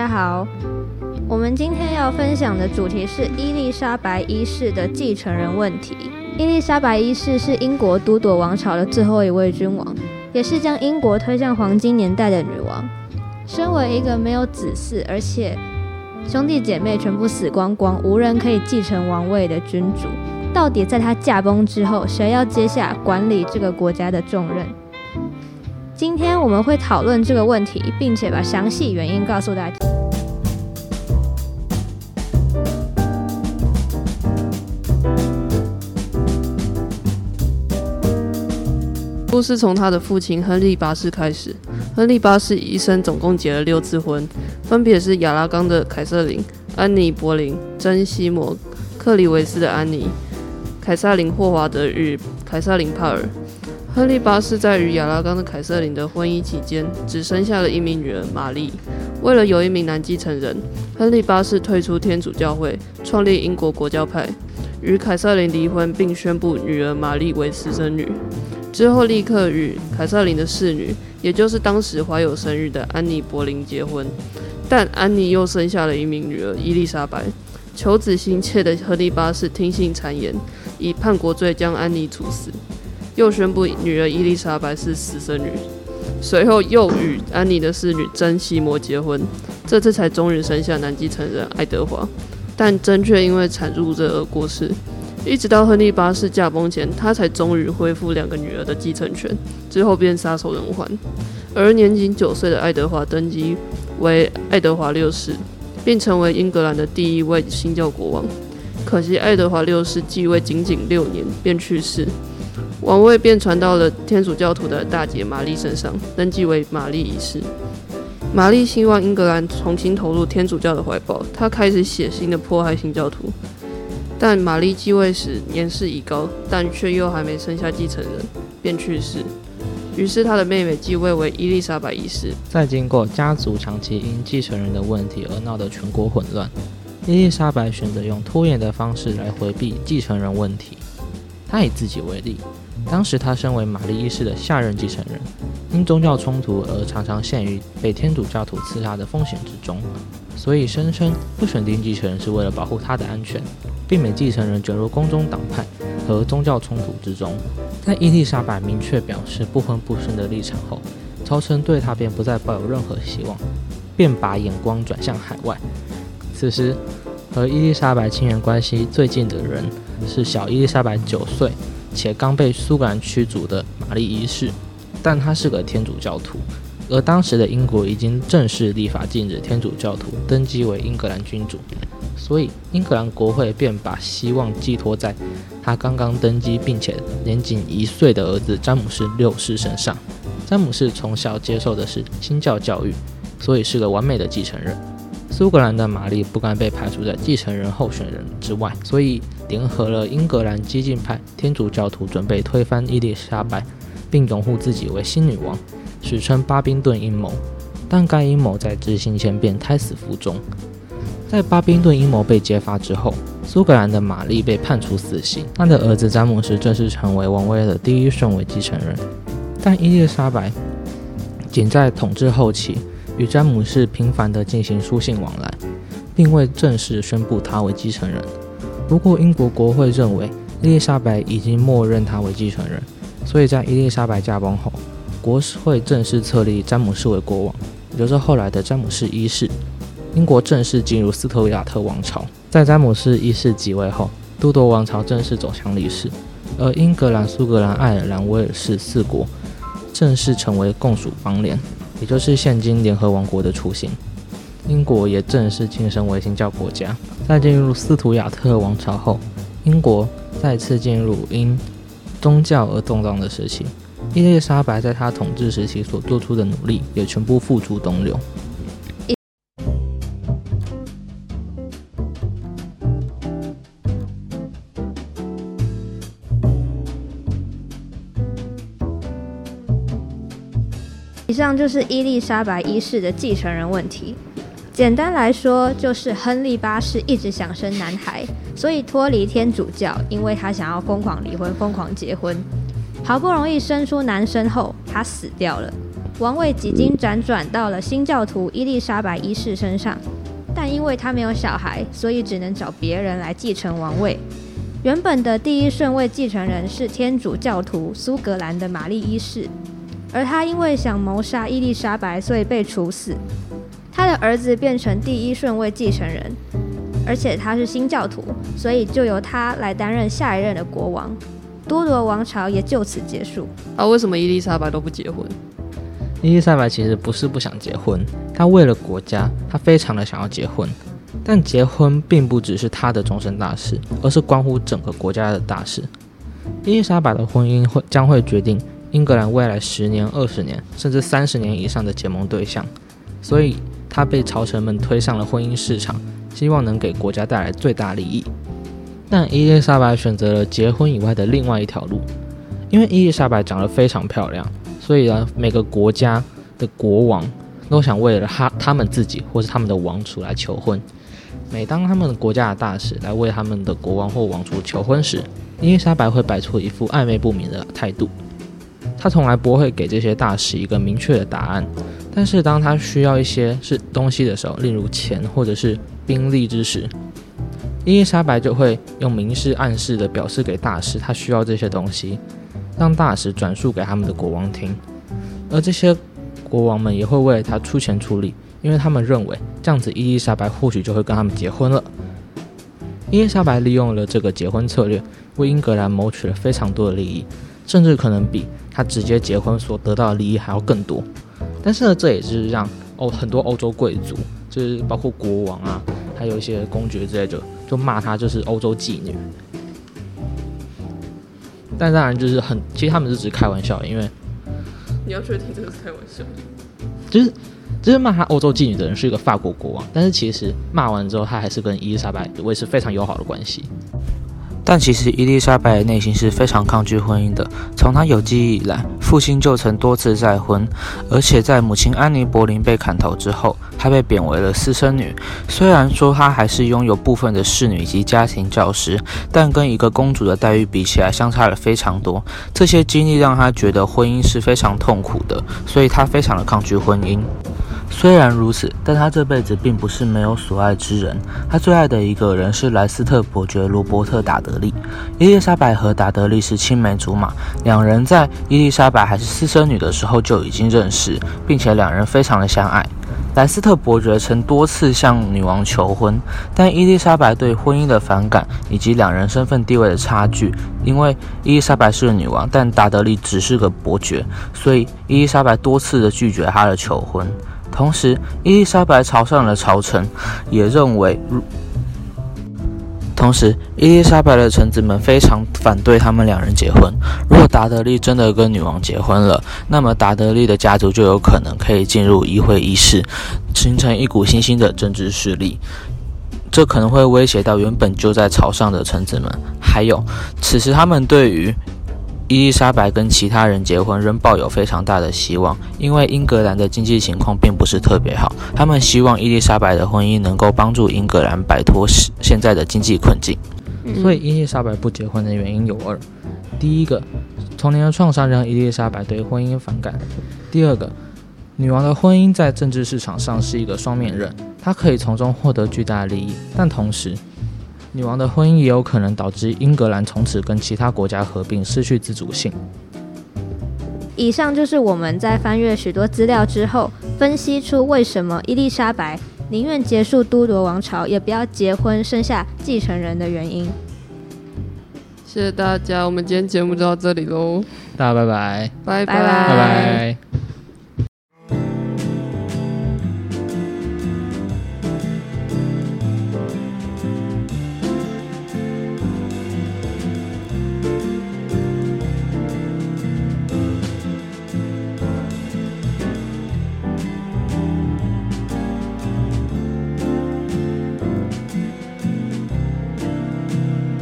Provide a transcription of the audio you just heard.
大家好，我們今天要分享的主題是伊麗莎白一世的繼承人問題。伊麗莎白一世是英國都鐸王朝的最後一位君王，也是將英國推向黃金年代的女王。身為一個沒有子嗣，而且兄弟姐妹全部死光光，無人可以繼承王位的君主，到底在她駕崩之後，誰要接下管理這個國家的重任？今天我們會討論這個問題，並且把詳細原因告訴大家。都是從他的父親亨利八世開始。亨利八世一生總共結了六次婚，分別是亞拉岡的凱瑟琳、安妮·柏林、珍西摩、克裡維斯的安妮、凱瑟琳·霍華德與凱瑟琳·帕爾。亨利八世在與亞拉岡的凱瑟琳的婚姻期間，只生下了一名女兒瑪麗。為了有一名男繼承人，亨利八世退出天主教會，創立英國國教派，與凱瑟琳離婚，並宣布女兒瑪麗為私生女。之後立刻與凱瑟琳的侍女，也就是當時懷有身孕的安妮·柏林結婚，但安妮又生下了一名女兒伊麗莎白。求子心切的亨利八世聽信讒言，以叛國罪將安妮處死，又宣布女兒伊麗莎白是私生女。隨後又與安妮的侍女珍·西摩結婚，這次才終於生下男繼承人愛德華，但珍卻因為產褥熱而過世。一直到亨利八世駕崩前，他才終於恢復兩個女兒的繼承權，之後便撒手人寰。而年僅九歲的愛德華登基為愛德華六世，並成為英格蘭的第一位新教國王。可惜愛德華六世繼位僅僅六年便去世，王位便傳到了天主教徒的大姐瑪麗身上，登基為瑪麗一世。瑪麗希望英格蘭重新投入天主教的懷抱，她開始血腥的迫害新教徒。但瑪麗繼位時年事已高，但卻又還沒生下繼承人便去世。於是她的妹妹繼位為伊麗莎白一世。在經過家族長期因繼承人的問題而鬧得全國混亂，伊麗莎白選擇用拖延的方式來回避繼承人問題。她以自己為例，當時她身為瑪麗一世的下任繼承人，因宗教衝突而常常陷於被天主教徒刺殺的風險之中，所以聲稱不選定繼承人是為了保護她的安全。避免繼承人捲入宮中黨派和宗教衝突之中。在伊麗莎白明確表示不婚不生的立場後，朝臣對她便不再抱有任何希望，便把眼光轉向海外。此時，和伊麗莎白親緣關係最近的人是小伊麗莎白九歲且剛被蘇格蘭驅逐的瑪麗一世，但她是個天主教徒，而當時的英國已經正式立法禁止天主教徒登基為英格蘭君主。所以英格蘭國會便把希望寄託在他剛剛登基並且年僅一歲的兒子詹姆士六世身上。詹姆士從小接受的是新教教育，所以是個完美的繼承人。蘇格蘭的瑪麗不甘被排除在繼承人候選人之外，所以聯合了英格蘭激進派天主教徒，準備推翻伊麗莎白，並擁護自己為新女王，史稱“巴賓頓陰謀”。但該陰謀在執行前便胎死腹中。在巴賓頓陰謀被揭發之後，蘇格蘭的瑪麗被判處死刑，她的兒子詹姆士正式成為王位的第一順位繼承人。但伊麗莎白僅在統治後期與詹姆士頻繁地進行書信往來，並未正式宣布他為繼承人。不過，英國國會認為伊麗莎白已經默認他為繼承人，所以在伊麗莎白駕崩後，國會正式冊立詹姆士為國王，也就是後來的詹姆士一世。英國正式進入斯圖亞特王朝，在詹姆士一世即位後，都鐸王朝正式走向歷史，而英格蘭、蘇格蘭、愛爾蘭、威爾士四國正式成為共屬邦聯，也就是現今聯合王國的雛形。英國也正式晉升為新教國家。在進入斯圖亞特王朝後，英國再次進入因宗教而動盪的時期。伊麗莎白在她統治時期所做出的努力，也全部付諸東流。這樣就是伊麗莎白一世的繼承人問題。簡單來說，就是亨利八世一直想生男孩，所以脫離天主教，因為他想要瘋狂離婚、瘋狂結婚。好不容易生出男生後，他死掉了，王位幾經輾轉到了新教徒伊麗莎白一世身上。但因為他沒有小孩，所以只能找別人來繼承王位。原本的第一順位繼承人是天主教徒蘇格蘭的瑪麗一世。而他因為想謀殺伊麗莎白，所以被處死。他的兒子變成第一順位繼承人，而且他是新教徒，所以就由他來擔任下一任的國王，都鐸王朝也就此結束。啊，為什麼伊麗莎白都不結婚？伊麗莎白其實不是不想結婚，她為了國家，她非常的想要結婚。但結婚並不只是她的終身大事，而是關乎整個國家的大事。伊麗莎白的婚姻會將會決定。英格蘭未來十年、二十年甚至三十年以上的結盟對象，所以他被朝臣們推上了婚姻市場，希望能給國家帶來最大利益。但伊麗莎白選擇了結婚以外的另外一條路，因為伊麗莎白長得非常漂亮，所以呢，每個國家的國王都想為了他、他們自己或是他們的王儲來求婚。每當他們國家的大使來為他們的國王或王儲求婚時，伊麗莎白會擺出一副曖昧不明的態度。他從來不會給這些大使一個明確的答案，但是當他需要一些是東西的時候，例如錢或者是兵力之時，伊莉莎白就會用明示暗示的表示給大使，他需要這些東西，讓大使轉述給他們的國王聽，而這些國王們也會為他出錢出力，因為他們認為這樣子伊莉莎白或許就會跟他們結婚了。伊莉莎白利用了這個結婚策略，為英格蘭謀取了非常多的利益，甚至可能比。他直接結婚所得到的利益還要更多，但是呢，這也是讓歐很多歐洲貴族，就是包括國王啊，還有一些公爵之類的，就罵他就是歐洲妓女。但當然就是很，其實他們是只是開玩笑，因為你要確定，這是開玩笑，就是就是罵他歐洲妓女的人是一個法國國王，但是其實罵完之後，他還是跟伊麗莎白維持非常友好的關係。但其實伊麗莎白的內心是非常抗拒婚姻的。從她有記憶以來，父親就曾多次再婚，而且在母親安妮·博林被砍頭之後，她被貶為了私生女。雖然說她還是擁有部分的侍女及家庭教師，但跟一個公主的待遇比起來，相差了非常多。這些經歷讓她覺得婚姻是非常痛苦的，所以她非常的抗拒婚姻。雖然如此，但他這輩子並不是沒有所愛之人。他最愛的一個人是萊斯特伯爵羅伯特·達德利。伊麗莎白和達德利是青梅竹馬，兩人在伊麗莎白還是私生女的時候就已經認識，並且兩人非常的相愛。萊斯特伯爵曾多次向女王求婚，但伊麗莎白對婚姻的反感以及兩人身份地位的差距，因為伊麗莎白是個女王，但達德利只是個伯爵，所以伊麗莎白多次的拒絕他的求婚。同時，伊麗莎白朝上的朝臣也認為，同時，伊麗莎白的臣子們非常反對他們兩人結婚。如果達德利真的跟女王結婚了，那麼達德利的家族就有可能可以進入議會議事，形成一股新興的政治勢力，這可能會威脅到原本就在朝上的臣子們。還有，此時他們對於。伊麗莎白跟其他人結婚，仍抱有非常大的希望，因為英格蘭的經濟情況並不是特別好，他們希望伊麗莎白的婚姻能夠幫助英格蘭擺脫現在的經濟困境。嗯嗯，所以伊麗莎白不結婚的原因有二：第一個，童年的創傷讓伊麗莎白對婚姻反感；第二個，女王的婚姻在政治市場上是一個雙面刃，她可以從中獲得巨大的利益，但同時。女王的婚姻也有可能導致英格蘭從此跟其他國家合併，失去自主性。以上就是我們在翻閱許多資料之後，分析出為什麼伊麗莎白寧願結束都鐸王朝，也不要結婚生下繼承人的原因。謝謝大家，我們今天節目就到這裡嘍，大家拜拜，拜拜，拜拜。